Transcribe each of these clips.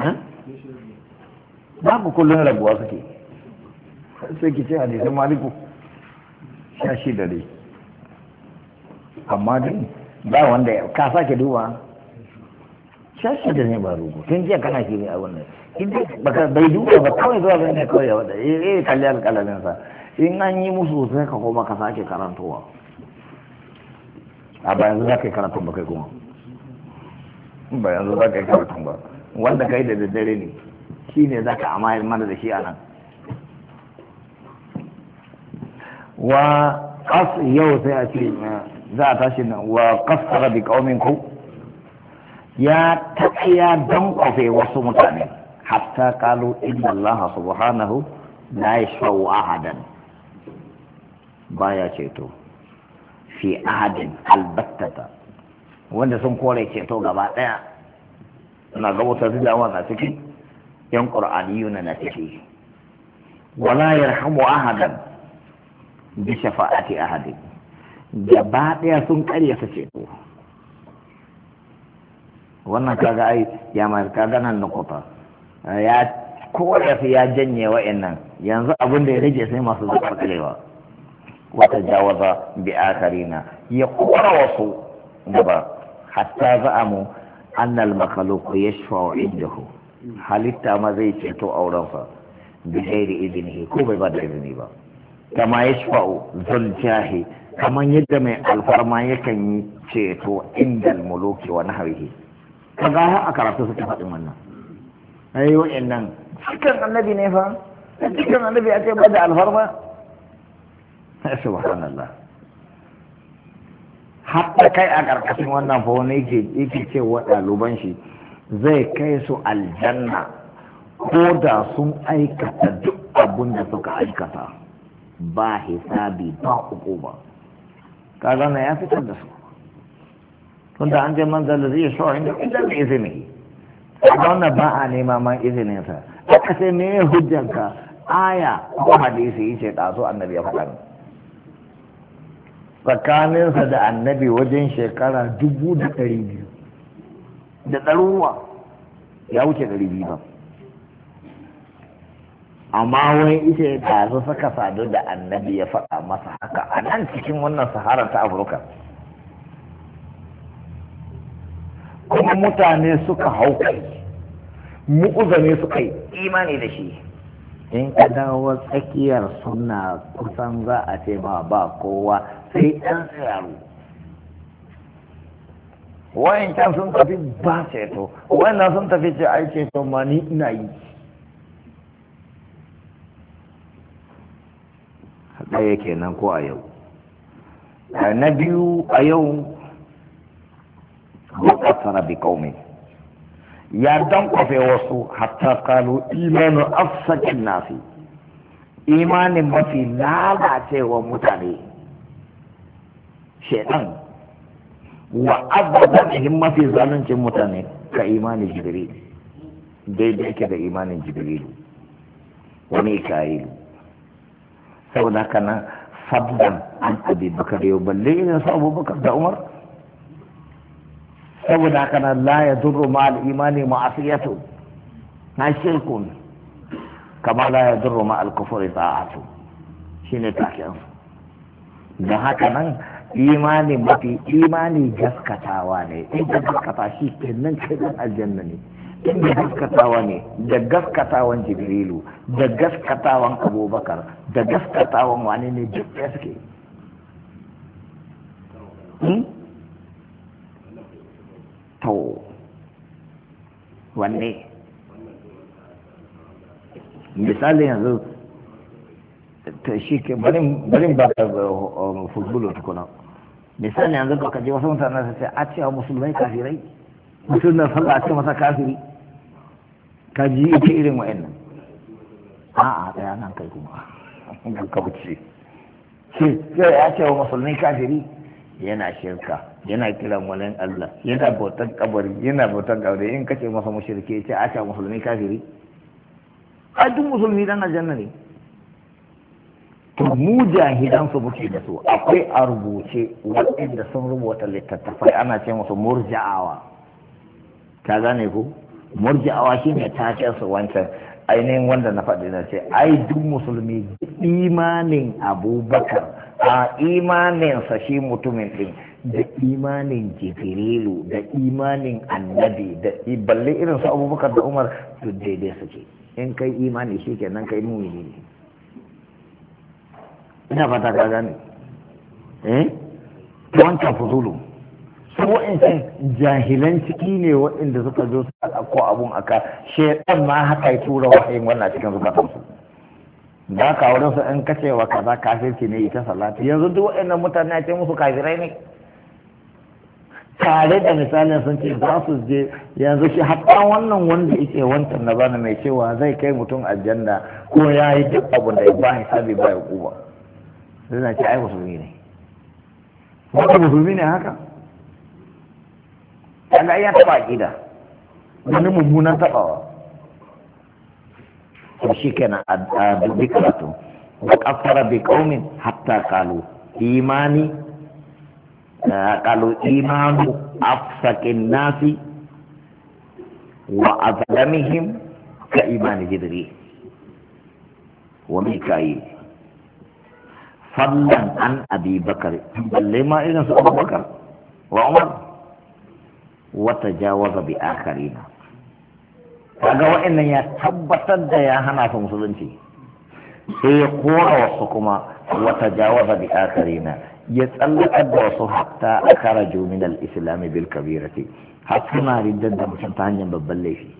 Eh? ba ku kullum rabuwa suke sai ki ce a hadisin maliku sha shi da dai amma dai ba wanda ya ka sake duba sha shi da ne ba rubu tun jiya kana shi a wannan in baka bai duba ba kawai zuwa bai ne kawai ya wada eh, eh kalli alƙalamin sa in an yi musu sai ka koma ka sake karantowa a bayan zuwa kai yi karatun ba kai kuma bayan za ka yi karatun ba wanda kai da daddare ne shi ne za ka amayar mana da shi a nan wa ƙas yau sai a ce eh, za a tashi nan wa ƙasara bi ƙaumin ku ya tafiya don ƙofe wasu mutane hatta kalu inna Allah subhanahu la yashfa'u ahadan baya ceto fi ahadin albattata wanda sun kore ceto gaba ɗaya suna ga mutazilawa na ciki yan qur'aniyuna na ciki wala yarhamu ahadan bi shafa'ati ahadin gaba daya sun karya ta ce wannan kaga ai ya ma kaga nan nukuta ya kowace ya janye wa'annan yanzu abin da ya rage sai masu zubar kalewa ya بآخرين wasu gaba hatta za mu. أن المخلوق يشفع عنده هل التامذي تشتو أو رفع بغير إذنه كوب بعد إذنه كما يشفع ذو الجاه كما يدمع الفرما يكن تشتو عند الملوك ونحوه كذا أكرت سكفة منا أيوة إنن فكر النبي نفا فكر النبي أتبع الفرما سبحان الله hatta kai a ƙarƙashin wannan fa yake ce wa ɗaliban shi zai kai su aljanna ko da sun aikata duk abin da suka aikata ba hisabi ba uku ba ka na ya fitar da su tunda an je manzala zai shawo inda inda mai izini wannan ba a nema man izininsa aka sai me hujjanka aya ko hadisi yace ɗazu annabi ya faɗa tsakaninsa da annabi wajen shekara dubu da ɗari biyu da ɗaruwa ya wuce ɗari biyu ba amma wani ita ya tazo saka sadu da annabi ya faɗa masa haka a nan cikin wannan sahara ta afirka kuma mutane suka hau kai mu'uzane suka yi imani da shi in ka dawo tsakiyar suna kusan za a ce ba kowa sai ɗan wayan sun tafi ba ceto sun tafi ce ai ceto ma ni ina yi ɗaya kenan ko a yau na biyu a yau وأثر بقومه bi kaume ya don kwafe wasu hatta kalu imanin إيمان ما في shaitan wa azabihim mafi zaluncin mutane ka imanin jibril daidai yake da imanin jibril wa mika'il saboda kana fadlan an abi bakar yau balle ne su abubakar da umar saboda kana la ya durru ma al'imani imani ma'asiyatu na shirkun kama la ya durru ma al-kufri ta'atu shine taken da haka nan imani mafi imani gaskatawa ne in ka gaskata shi kenan kai aljanna ne in da gaskatawa ne da gaskatawan jibrilu da gaskatawan abubakar da gaskatawan wani ne duk da suke hmm? to wanne misali yanzu ta shi ke barin ba ta eh, futbolo tukuna misali yanzu ba ka je wasu mutane su ce a cewa musulmai kafirai mutum na sallah a ce masa kafiri ka ji ita irin a a tsaya nan kai kuma ga kauce ce ya ce wa musulmai kafiri yana shirka yana kiran walin Allah yana bautar kabari yana bautar kabari in kace masa mushrike ce a ce musulmai kafiri a duk musulmi dan aljanna ne to mu jahidan su muke da su akwai a rubuce waɗanda sun rubuta littattafai ana ce musu murja'awa ta gane ku murja'awa shine ce su wancan ainihin wanda na faɗi na ce ai duk musulmi imanin abubakar a imaninsa shi mutumin ɗin da imanin jibrilu da imanin annabi da balle irin su abubakar da umar duk daidai suke in kai imani shi kenan kai mumini ne ina fata ka gane eh wancan fuzulu su wa'ancan jahilan ciki ne waɗanda suka zo su ko abun aka shaidan ma haka ya tura wahayin wannan cikin zukatansu ba ka wurin su in wa kaza kafirci ne ita salati yanzu duk waɗannan mutane a ce musu kafirai ne tare da misali sun ce za su je yanzu shi hatta wannan wanda yake wancan na bana mai cewa zai kai mutum aljanna ko ya yi duk abin da ba hisabi ba ya kuba suna ce ai musulmi ne wata musulmi ne haka kaga ya taba aƙida wani mummunan tabawa to shi kenan a dubi karatu wa kafara bi qaumin hatta qalu imani eh, qalu imanu afsakin nasi wa azlamihim ka imani jibril wa mika'il Fallan an فضلا عن أبي بكر بل Wa umar, wata بكر وعمر وتجاوز بآخرين kaga wa'annan ya tabbatar da ya hana su musulunci sai ya kora wasu kuma wata jawaza bi akarina ya tsallakar da wasu hatta a kara min al-islami bil kabirati har suna riddar da mutum ta hanyar babban laifi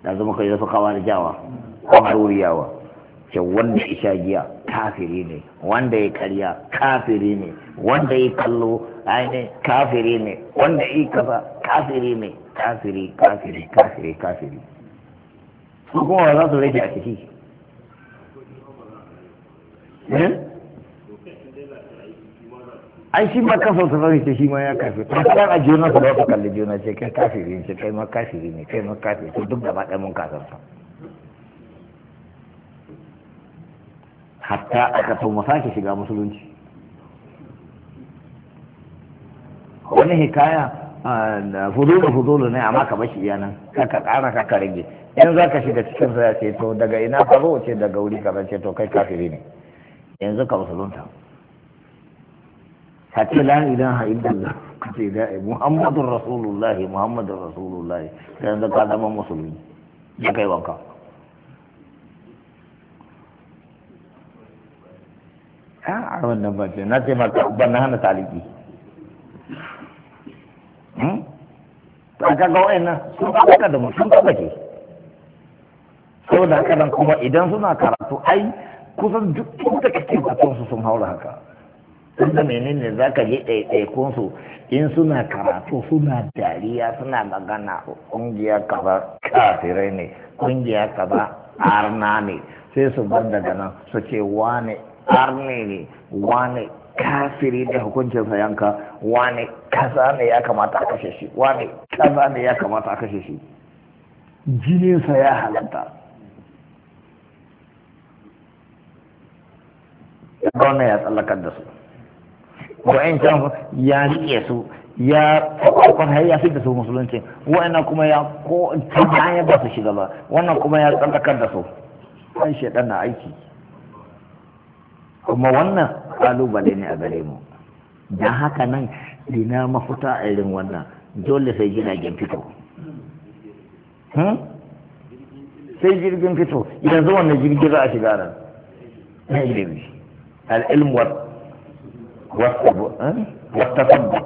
da zama kai da su kawar jawa kamar wuriyawa ce wanda isha giya kafiri ne wanda ya karya kafiri ne wanda ya kallo ainihin kafiri ne wanda ya kafa kafiri ne kafiri kafiri kafiri kafiri su kuma za su rage a ciki eh? ai shi ma kansa ta fahimta shi ma ya kafi ta kalan a juna su ba kalli juna ce kai kafiri ne kai ma kafiri ne kai ma kafiri duk da ba ɗaya mun kasar hatta a so mu sake shiga musulunci wani hikaya fuzulu fuzulu ne amma ka bashi iya nan kaka ƙara ka rage in za ka shiga cikin sa ce to daga ina ka zo ce daga wuri ka zance to kai kafiri ne yanzu ka musulunta ka ce la ilaha illallah kace ce da muhammadur rasulullahi muhammadur rasulullahi yanzu ka zama musulmi ya kai wanka a wannan bace na ce maka ban na hana taliki hmm? ta kaga wa'annan sun kaga da sun kaga ke da haka nan kuma idan suna karatu ai kusan duk inda kake zaton su sun haura haka tunda menene za ka je ɗaiɗaikun su in suna karatu suna dariya suna magana ƙungiya kaza kafirai ne ƙungiya kaza arna ne sai su bar daga nan su ce wane arne ne wane kafiri da hukuncin sa yanka wane kaza ne ya kamata a kashe shi wane kaza ne ya kamata a kashe shi jininsa ya halatta gwamna ya tsallakar da su wa'ancan ya riƙe su ya kwakwan har ya fi da su musulunci wa'annan kuma ya ko ta ba su shiga ba wannan kuma ya tsallakar da su kan shaɗan na aiki kuma wannan kalubale ne a gare mu da haka nan ina mafuta a irin wannan dole sai jiragen fito hmm? sai jirgin fito yanzu wannan jirgin za a shiga nan na ilimi al'ilmuwar hmm? wata sabbat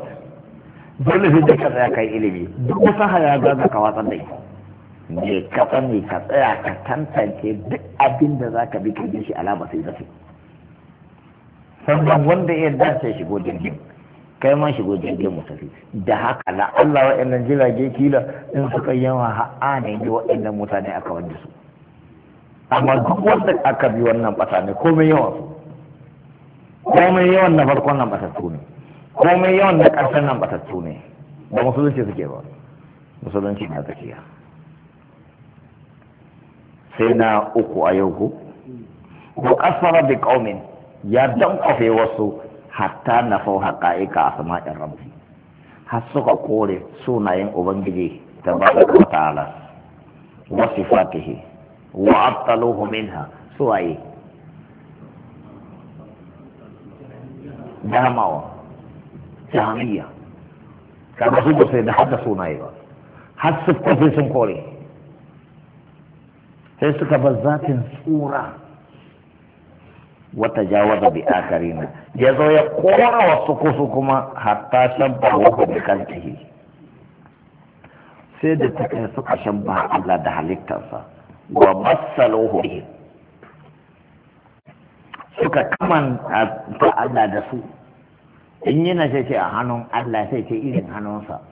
dole sai duka tsaya kai ilimi duk wata haya za ka watsar da ne ka sani ka tsaya ka tantance duk abin da za ka bi ka bi shi alama sai zafi sannan wanda ya yarda sai shigo jirgin kai ma shigo jirgin mu tafi da haka la Allah wa'annan jirage kila in suka yawa ha'a ne ga wa'annan mutane aka wanda su amma duk wanda aka bi wannan bata ne komai yawan su komai yawan na farkon nan bata ne komai yawan na ƙarshen nan bata ne ba musulunci suke ba musulunci na tafiya, sai na uku a yau ku wa kasara bi qaumin ya kafe wasu hatta na fau haƙa'iƙa a sama'in rabbi har suka kore sunayen ubangiji ta ba da ta'ala wa sifatihi wa abtaluhu minha suwaye damawa jami'a kaga su ba sai da hada sunaye ba har su kafe sun kore sai suka bar zatin tsura wata jawaza bi akarina ya zo ya kora wasu kusu kuma hatta shabba wa bi kalkihi sai da ta kai suka shabba Allah da halittarsa wa masaluhu bihi suka kaman ta Allah da su in na sai ce a hannun Allah sai ce irin hannunsa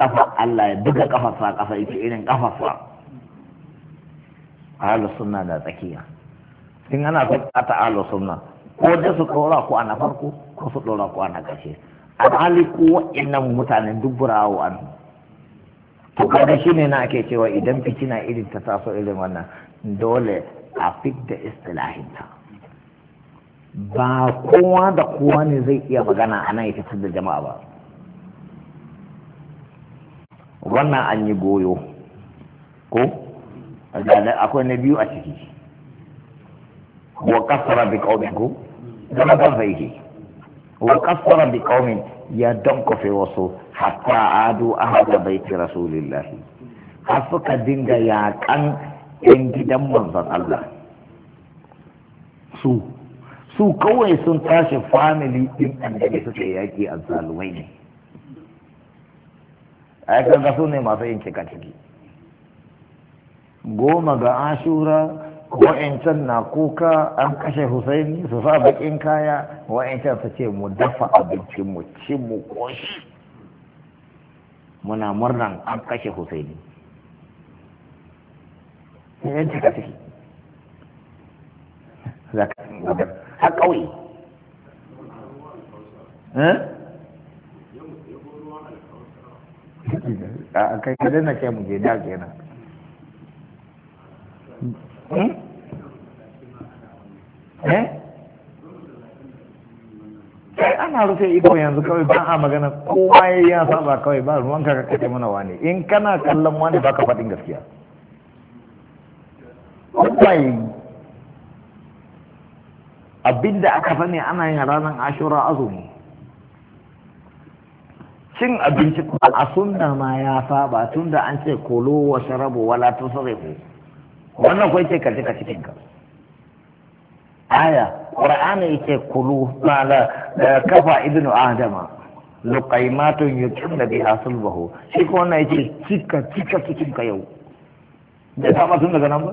kafa Allah ya buga kafarsa kafa ita irin kafarsa Halu suna da tsakiya in ana son a alo sunna ko da su ɗora ku ana farko ko su ɗora ku ana ƙarshe hali ko wa'annan mutanen dubburawo an to kaga shi ne na ake cewa idan fitina irin ta taso irin wannan dole a fidda ta ba kowa da kowa ne zai iya magana a ya fitar da jama'a ba wannan an yi goyo ko akwai na biyu a ciki wa kasara bi qaumin ku dan ba fa wa wakasara bi qaumin ya dankofe wasu hatta adu ahada baiti rasulillahi har suka dinga yakan yan gidan manzon Allah su su kawai sun tashi family din annabi suke yaki a zalumai ne ai kan su ne masu yin cika ciki goma ga ashura wa'ancan na kuka an kashe husaini su sa bakin kaya wa'ancan ta ce mu dafa abinci mu ci mu koshi muna murnan an kashe husaini yan cika ciki har ƙauye eh? a kai kadai na ce mu je da kenan hmm? Ina rufe ido yanzu kawai ba a magana kowa ya ya saba kawai ba ruwan ka kake mana wani in kana kallon wani baka faɗin gaskiya kawai abinda aka sani ana yin ranar ashura azumi cin abinci a sunna ma ya saba tunda an ce kolo wa sharabu wala tusrifu wannan kai ce kaje ka cikin ka aya qur'ani yake kulu mala kafa ibnu adama luqaymatun yukinna biha sulbahu shi ko wannan yake cika cika cikin ka yau da ta masu daga nan ba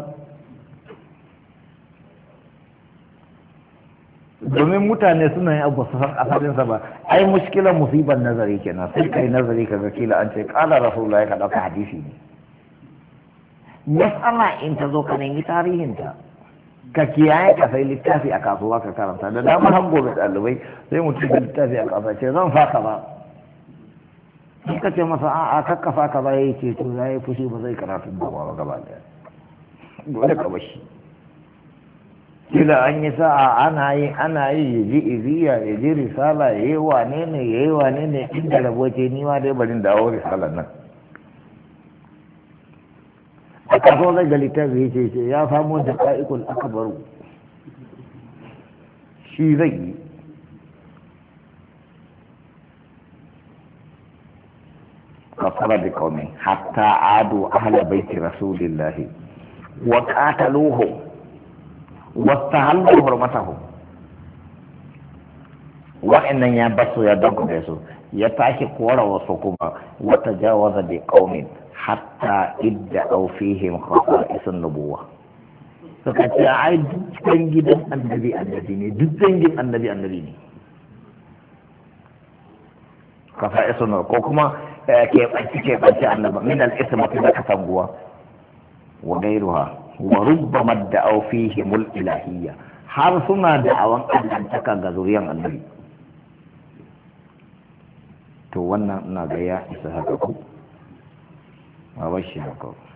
domin mutane suna yin abu su san asalinsa ba ai muskilan musibar nazari kenan sai kai nazari ka ga kila an ce kala rasulullahi ka dauka hadisi ne mas'ala in ta zo ka nemi tarihinta ka kiyaye ka sai littafi a kasuwa ka karanta da dama hango gobe ɗalibai sai mutum da littafi a kasuwa ce zan faka ba in ka ce masa a'a kakka faka ba yayi ce to yayi fushi ba zai karatu Ba ba gaba da dole ka bashi kila an yi sa'a ana yi ana yi ya ji iziya ya ji risala ya yi wane ne ya yi wane ne inda ce ni ma dai barin dawo risalar nan a kaso zai ga littafi ya ce ya samu da aka akabaru shi zai yi kafara da kaume hatta adu ahla baiti rasulillahi wa qataluhu wastahallu hurmatahu wa'annan ya basu ya danko da su ya tashi kora wasu kuma wata jawaza da qaumin حتى او فيهم خصائص النبوة فقد عاد تنجد النبي النبي تنجد النبي النبي خصائص النبوة آه، كيف كيف من الاسم كذا تنبوة وغيرها وربما ادعوا فيهم الالهيه har suna da'awan allantaka ga zuriyan annabi to wannan ina shi bashi haka